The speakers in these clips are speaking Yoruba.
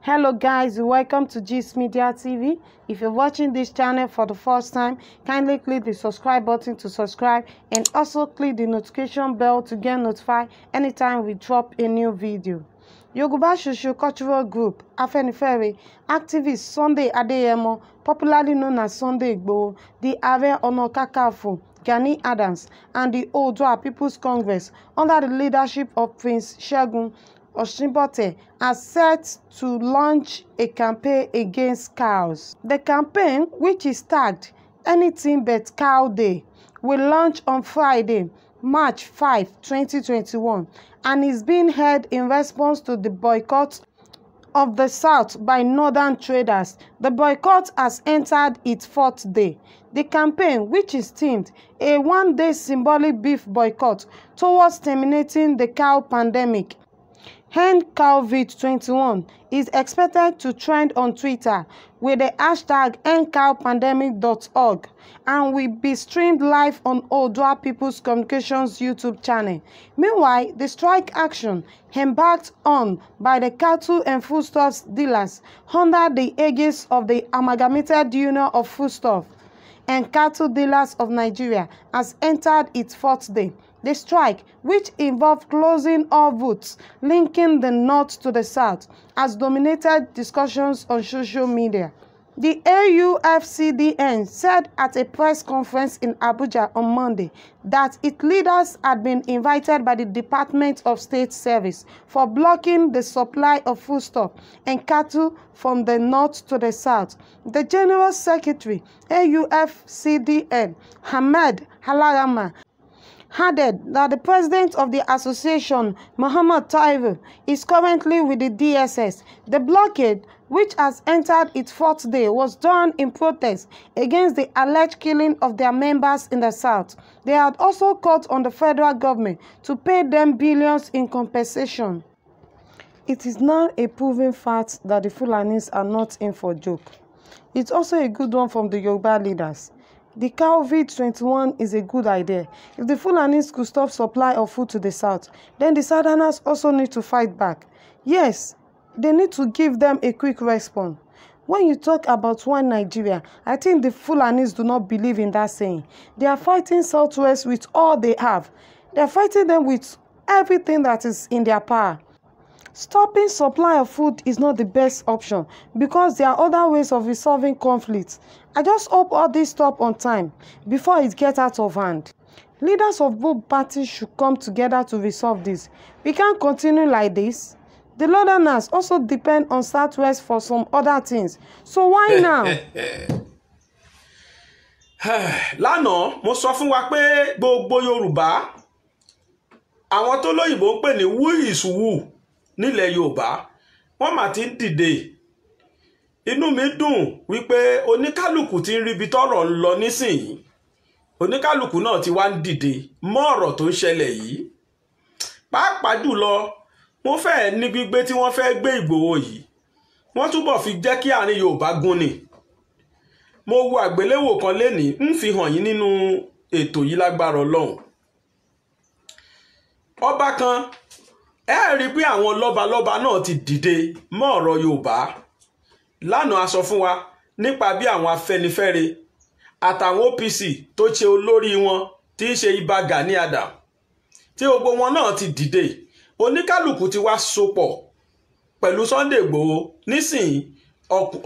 hello guys welcome to gist media tv if you're watching this channel for the first time kindly click the subscribe button to subscribe and also click the notification bell to get notified anytime we drop a new video Yorùbá Social Cultural Group Afẹ́nifẹ́re activist Sunday Adeyemo popularly known as Sunday Igboho, the Ààrẹ Ọ̀nà Kakanfò Gani Adams and the Oodua People's Congress under the leadership of Prince Segun Osinbate are set to launch a campaign against cows. The campaign, which is tagged Anything But Cow Day, will launch on Friday, March 5, 2021, and is being held in response to the boycott of the South by northern traders. The boycott has entered its fourth day. The campaign, which is themed a one-day symbolic beef boycott towards terminating the cow pandemic, @HenCalVid21 is expected to trend on Twitter with the hashtag #HenCalPandemic.org and will be streamed live on Odua People's Communications YouTube channel. Meanwhile, the strike action embarked on by the cattle and foodstuffs dealers under the aegis of the Amalgamated Union of Foodstuff and Cattle Dealers of Nigeria has entered its fourth day. The strike, which involved closing all routes linking the North to the South, has dominated discussions on social media. The AUFCDN said at a press conference in Abuja on Monday that its leaders had been invited by the Department of State Service for blocking the supply of foodstuff and cattle from the north to the south. The General Secretary, AUFCDN, Hamed Halarama, added that the president of the association, Mohammed Taibu, is currently with the DSS. The blockade, which has entered its fourth day, was done in protest against the alleged killing of their members in the south. They had also called on the federal government to pay them billions in compensation. It is now a proven fact that the Fulanis are not in for joke. It's also a good one from the Yoruba leaders. The COVID-21 is a good idea. If the Fulanis could stop supply of food to the south, then the southerners also need to fight back. Yes, they need to give them a quick response. When you talk about one Nigeria, I think the Fulanis do not believe in that saying. They are fighting Southwest with all they have. They are fighting them with everything that is in their power. Stopping supply of food is not the best option because there are other ways of resolving conflicts I just hope all this stop on time before it gets out of hand. Leaders of both parties should come together to resolve this. We can't continue like this. The Londoners also depend on Southwest for some other things. So why now? Lánàá mo sọ fún wa pé gbogbo Yorùbá àwọn tó lóyìnbó ń pè ní who is who nílẹ̀ Yorùbá wọ́n mà ti ń dìde inú mi dùn wípé oníkálukú ti ń ríbi tọ́rọ̀ ń lọ nísìnyí oníkálukú náà ti wá ń dìde mọ́ ọ̀rọ̀ tó ń ṣẹlẹ̀ yìí pàápàá jùlọ mo fẹ́ ní gbígbé tí wọ́n fẹ́ gbé Ìgbòho yìí wọ́n túbọ̀ fi jẹ́ kí àárín Yorùbá gún ni mo wo àgbéléwò kan lénìí ń fi hàn yín nínú ètò yìí lágbára Ọlọ́run ọba kan ẹ rí i pé àwọn lọ́balọ́ba náà ti dìde mọ́ ọ̀rọ̀ Yorùbá lánàá a sọ fún wa nípa bí àwọn afẹ́nifẹ́re àtàwọn OPC tó ṣe olórí wọn tí í ṣe Ìbà Gani Adam tí gbogbo wọn náà ti dìde oníkálukú ti wá sopọ̀ pẹ̀lú Sunday Igboho nísìnyí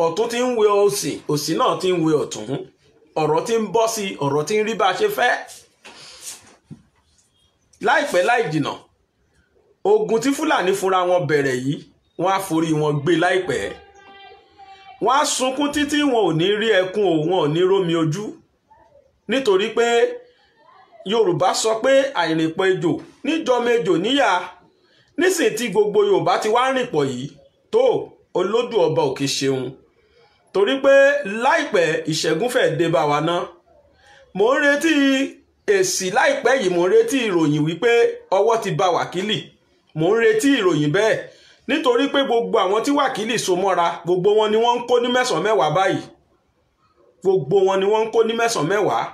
ọ̀tún ti ń wé òsì òsì náà ti ń wé ọ̀tún ọ̀rọ̀ ti ń bọ́ sí ọ̀rọ̀ ti ń rí bá a ṣe fẹ́ láìpẹ́ láì jìnà ogun tí Fúlàní fúnra wọn bẹ̀rẹ̀ yìí wọ́n á forí wọn gbé láìpẹ́ wọ́n á sunkún títí wọn ò ní rí ẹkún o wọn ò ní rómi ojú nítorí pé yorùbá sọ pé àìrìnpọ̀ ejò níjọmọ ejò níyà nísìnyí tí gbogbo yorùbá ti wá ń rìnpọ̀ yìí tó olódù ọba òkè ṣeun torí pé láìpẹ́ ìṣẹ́gun fẹ́ dé bá wa ná mò ń retí èsì láìpẹ́ yìí mò ń retí ìròyìn wípé ọwọ́ ti bá wákìlì mò ń retí ìròyìn bẹ́ẹ̀ nítorí pé gbogbo àwọn tí wákìlì so mọ́ra gbogbo wọn ni wọ́n ń kó ní mẹ́sàn-án mẹ́wàá báyìí gbogbo wọn ni wọ́n ń kó ní mẹ́sàn-án mẹ́wàá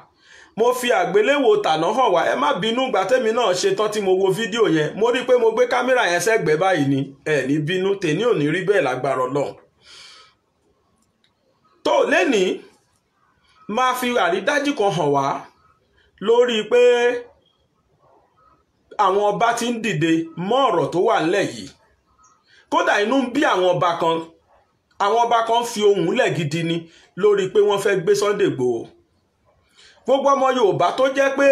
mo fi àgbéléwò tàná hàn wá ẹ má bínú ìgbà tẹ́mi náà ṣe tán tí mo wo fídíò yẹn mo rí i pé mo gbé kámẹ́rà yẹn sẹ́gbẹ̀ẹ́ báyìí ni ẹ ní bínú tèmi ò ní rí bẹ́ẹ̀ lágbára Ọlọ́run tó lẹ́nìí máa fi àrídájú kan hàn wá lórí pé àwọn ọba ti ń dìde mọ́ ọ̀rọ̀ tó wà ńlẹ̀ yìí kódà inú ń bí àwọn ọba kan àwọn ọba kan fi ohùn lẹ̀ gidi ni lórí pé wọ́n fẹ́ gbé Sunday Igboho gbogbo ọmọ Yorùbá tó jẹ́ pé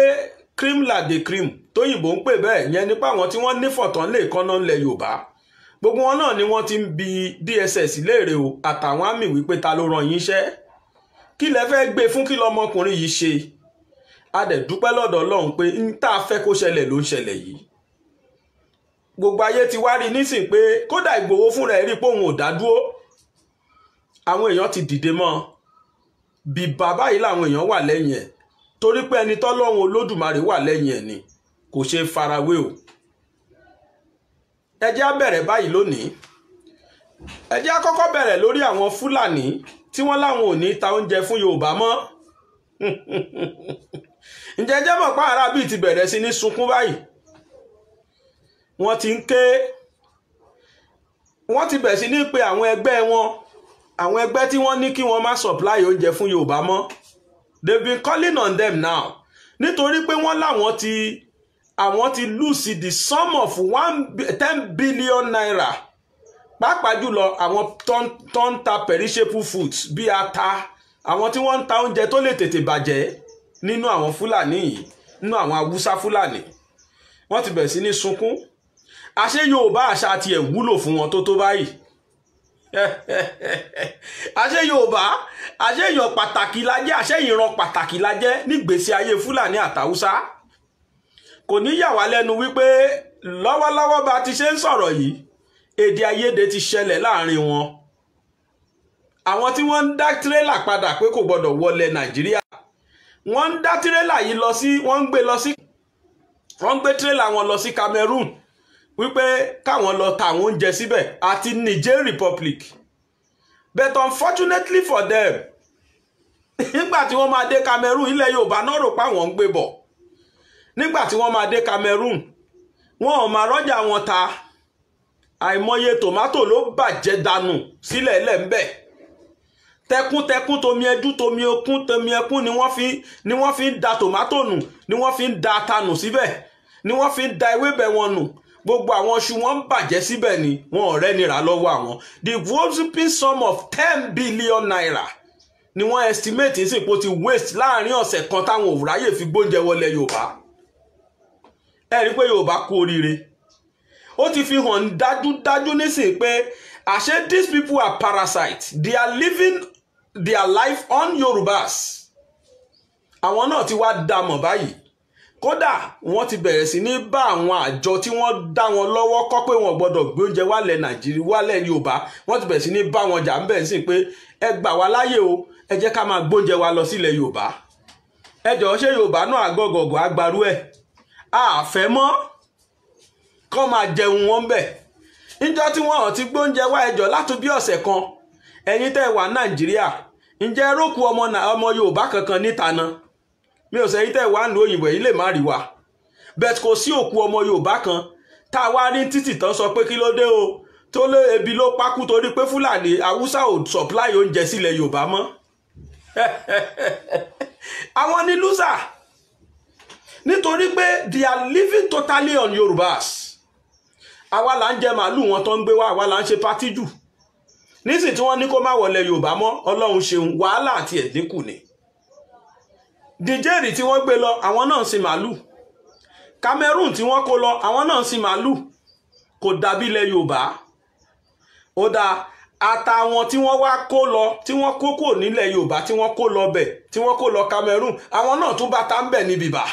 cream la de cream tóyìnbó ń pè bẹ́ẹ̀ yẹn nípa àwọn tí wọ́n nífọ̀tán lè kánná ńlẹ̀ Yorùbá gbogbo wọn náà ni wọ́n ti ń bi DSS léèrè o àtàwọn àmì wípé ta ló rán yín iṣẹ́ kí lẹ fẹ́ gbé fún kí lọmọkùnrin yìí ṣe a dẹ̀ dúpẹ́ lọ́dọ̀ Ọlọ́run pé ń tá a fẹ́ kó ṣẹlẹ̀ ló ń ṣẹlẹ̀ yìí gbogbo ayé ti wá rí nísìn pé kódà Ìgbòho fúnra ẹ̀ rí pé òun ò dádúró àwọn èèyàn ti dìde mọ́ bí bàbá yìí làwọn èèyàn wà lẹ́yìn ẹ̀ torí pé ẹni tọ́lọ́run Olódùmarè wà lẹ́yìn ẹ̀ ni kò ṣe farawé o ẹ jẹ́ á bẹ̀rẹ̀ báyìí lónìí ẹ jẹ́ á kọ́kọ́ bẹ̀rẹ̀ lórí àwọn Fúlàní tí wọ́n láwọn ò ní ta oúnjẹ fún Yorùbá mọ́ ǹjẹ́ jẹ́ mọ̀ pa arábì ti bẹ̀rẹ̀ sí ní sunkún báyìí wọ́n ti ń ké wọ́n ti bẹ̀ sí ní pé àwọn ẹgbẹ́ wọn àwọn ẹgbẹ́ tí wọ́n ní kí wọ́n má supply oúnjẹ fún Yorùbá mọ́ they been calling on them now nítorí pé wọ́n láwọn ti àwọn ti lose the sum of one ten billion naira pàápàá jùlọ àwọn tó ń ta perishable foods bíi ata àwọn tí wọ́n ń ta oúnjẹ tó lè tètè bàjẹ́ nínú àwọn Fúlàní yìí nínú àwọn Haúsá Fúlàní wọ́n ti bẹ̀rẹ̀ sí ní sunkún àṣé yorùbá àṣà tiẹ̀ wúlò fún wọn tó tó báyìí àṣé yorùbá àṣé èèyàn pàtàkì la jẹ́ àṣé ìran pàtàkì la jẹ́ nígbèsí ayé fúlàní àtàwùsá kò ní yà wá lẹ́nu wípé lọ́wọ́lọ́wọ́ bá ti ṣe ń sọ̀rọ̀ yìí èdè àìyedè ti ṣẹlẹ̀ láàrin wọn àwọn tí wọ́n ń dá tirẹ́là padà pé kò gbọ́dọ̀ wọlé nàìjíríà wọ́n ń dá tirẹ́là yìí lọ sí wọ́n ń gbé lọ sí wọ́n ń gbé tirẹ́là wọn lọ sí Cameroon wípé káwọn lọ ta àwọn oúnjẹ síbẹ̀ àti Niger Republic but unfortunately for them nígbà tí wọ́n máa dé Cameroon ilẹ̀ Yorùbá náà rò pé àwọn ń gbé bọ̀ nígbà tí wọ́n máa dé Cameroon wọn ò máa rọ́jà wọn ta àìmọye tòmátò ló bàjẹ́ dànù sílẹ̀ lẹ́ńbẹ̀ tẹkúntẹkún tomi ẹdú tomi okún tomi ẹkún ni wọ́n fi ni wọ́n fi da tomato nù ni wọ́n fi da ata nù síbẹ̀ ni wọ́n fi ń da ewébẹ̀ wọn nù gbogbo àwọn iṣu wọn ń bàjẹ́ síbẹ̀ ni wọn ò rẹ́nira lọ́wọ́ àwọn the whopping sum of ten billion naira ni wọ́n estimate ní sìnkú ti waste láàrin ọ̀sẹ̀ kan táwọn òwúráyè fi gbóúnjẹ wọlé yorùbá ẹ rí i pé yorùbá kú oríire ó ti fi hàn dájúdájú nísìnyí pé àṣé these people are parasites they are living their life on yorùbás àwọn náà ti wá dààmú báyìí kódà wọ́n ti bẹ̀rẹ̀ sí ní bá àwọn àjọ tí wọ́n dá wọn lọ́wọ́ kọ́ pé wọn gbọ́dọ̀ gbé oúnjẹ wálẹ̀ nàìjíríà wálẹ̀ yorùbá wọ́n ti bẹ̀rẹ̀ sí ní bá wọn jà ń bẹ̀ sí pé ẹ gbà wá o ẹ jẹ́ ká máa gbóúnjẹ wa lọ sílẹ̀ yorùbá ẹ jọ̀ọ́ ṣé yorùbá náà àgọ́gọ̀gọ̀ ẹ̀ àfẹ́ mọ́ kọ́ máa jẹun ti gbóúnjẹ wá ẹjọ́ bí mi ò sẹ́yìn tẹ̀ wá ń lo òyìnbó yìí lè má rí wa bẹ́ẹ̀ kò sí òkú ọmọ yorùbá kan tá a wá ní títì tán sọ pé kí ló dé o tó lé ebi ló pákú torí pé fúlàní haúsá ò supply oúnjẹ sílẹ̀ yorùbá mọ́ àwọn ní lúsà nítorí pé they are living totally on yorùbás àwa là ń jẹ màálùú wọn tó ń gbé wá àwa là ń ṣe pátí jù nísìnyí tí wọ́n ní kó má wọlé yorùbá mọ́ ọlọ́run ṣeun wàhálà àti ẹ̀dínkù ni Nigeria tí wọ́n gbé lọ àwọn náà sin màálù Cameroon tí wọ́n kó lọ àwọn náà ń sin màálù kò dàbí ilẹ̀ Yorùbá ó dáa àtàwọn tí wọ́n wá kó lọ tí wọ́n kó kò nílẹ̀ Yorùbá tí wọ́n kó lọ bẹ̀ tí wọ́n kó lọ Cameroon àwọn náà tún bá ta ń bẹ̀ ní bìbà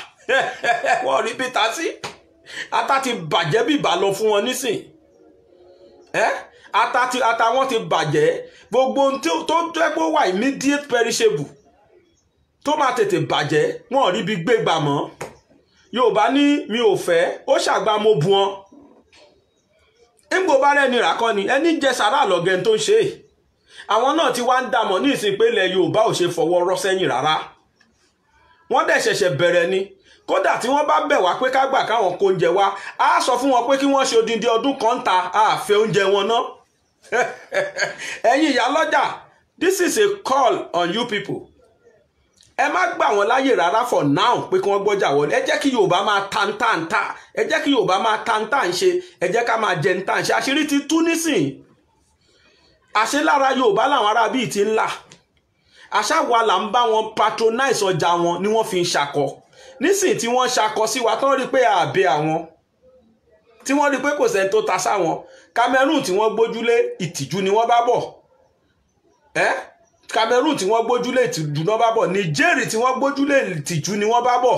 wọ́n rí bíta sí ata ti bàjẹ́ bìbà lọ fún wọn nísìn ata ti ata wọn ti bàjẹ́ gbogbo tó jẹ́ pé ó wà immediate perishable tó máa tètè bàjẹ́ wọn ò rí ibi gbégbà mọ́ yorùbá ní mi ò fẹ́ ó ṣàgbà mo bu wọn ńgbò bá rẹ̀ ni ẹni jẹ sàrà lọ́gẹ̀ tó ń ṣe àwọn náà ti wá ń dàmọ̀ ní ìsìn pé ilẹ̀ yorùbá ò ṣe fọwọ́ rọ́ sẹ́yìn rárá wọ́n dẹ̀ ṣẹ̀ṣẹ̀ bẹ̀rẹ̀ ni kódà tí wọ́n bá bẹ̀ wá pé ká gbà káwọn kó oúnjẹ wá á sọ fún wọn pé kí wọ́n ṣe odindi ọdún kan ta àfẹ́ oúnjẹ wọn ná ẹ̀yin ìyálọ́jà this is a call on you people ẹ má gbà wọ́n láyè rárá for now pé kí wọ́n gbọ́jà wọlé ẹ jẹ́ kí yorùbá máa tantáǹtà ẹ jẹ́ kí yorùbá máa tantáǹṣe ẹ jẹ́ ká máa jẹntàǹṣe àṣírí ti tú nísìn àṣé lára yorùbá làwọn ará bíi ti ń là àṣà wa là ń bá wọn patronize ọjà wọn ni wọ́n fi ń ṣakọ nísìn tí wọ́n ṣakọ sí wa tán rí pé àbẹ àwọn tí wọ́n rí pé kò sẹ́ni tó ta sáwọn Cameroon tí wọ́n gbójúlé ìtìjú ni wọ́n bá bọ̀ ẹ́ eh? Cameroon tí wọ́n gbójúlé ìtìjú náà bá bọ̀ Niger tí wọ́n gbójúlé ìtìjú ni wọ́n bá bọ̀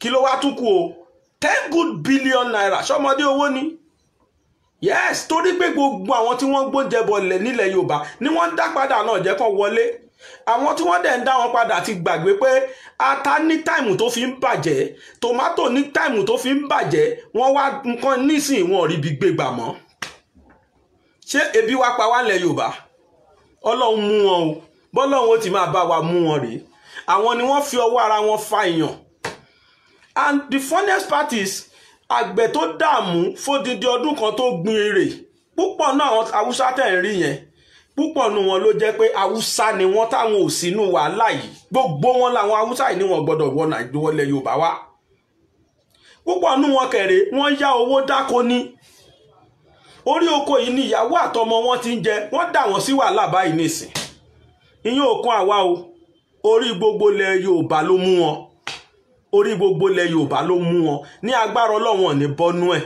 kí ló wá tún kù o ten good billion naira ṣọmọdé owó ni yes torí pé gbogbo àwọn tí wọ́n gbóúnjẹ bọ̀ nílẹ̀ Yorùbá ni wọ́n ń dá padà náà jẹ́ kó wọlé àwọn tí wọ́n dẹ̀ ń dá wọn padà ti gbàgbé pé ata ní táìmù tó fi ń bàjẹ́ tòmátò ní táìmù tó fi ń bàjẹ́ wọ́n wá nǹkan nísìnyí wọn ò rí ibi gbégbà mọ́ ṣé ebi wá pa wá nílẹ̀ Yorùbá ọlọ́run mú wọn o bọ́lọ́run ó ti máa bá wa mú wọn rèé àwọn ni wọ́n fi ọwọ́ ara wọn fa èèyàn and the funniest part is àgbẹ̀ tó dààmú fódìdí ọdún kan tó gbin èrè púpọ̀ náà àwọn haúsá tẹ̀ ń rí yẹn púpọ̀ nu wọn ló jẹ́ pé haúsá ni wọ́n táwọn ò sínú wàhálà yìí gbogbo wọn làwọn haúsá yìí ni wọ́n gbọ́dọ̀ wọ nàìjíríà wọlé yorùbá wá púpọ̀ nu wọn kẹ̀rẹ̀ wọ́n yá owó dáko ní orí oko yìí ni ìyàwó àtọmọ wọn ti ń jẹ wọ́n dà wọ́n sí wàhálà báyìí nìsín ìyẹn ò àwa o orí gbogbo ilẹ̀ Yorùbá ló mú wọn orí gbogbo ilẹ̀ Yorùbá ló mú wọn ní agbára Ọlọ́run ní bọ́nú ẹ̀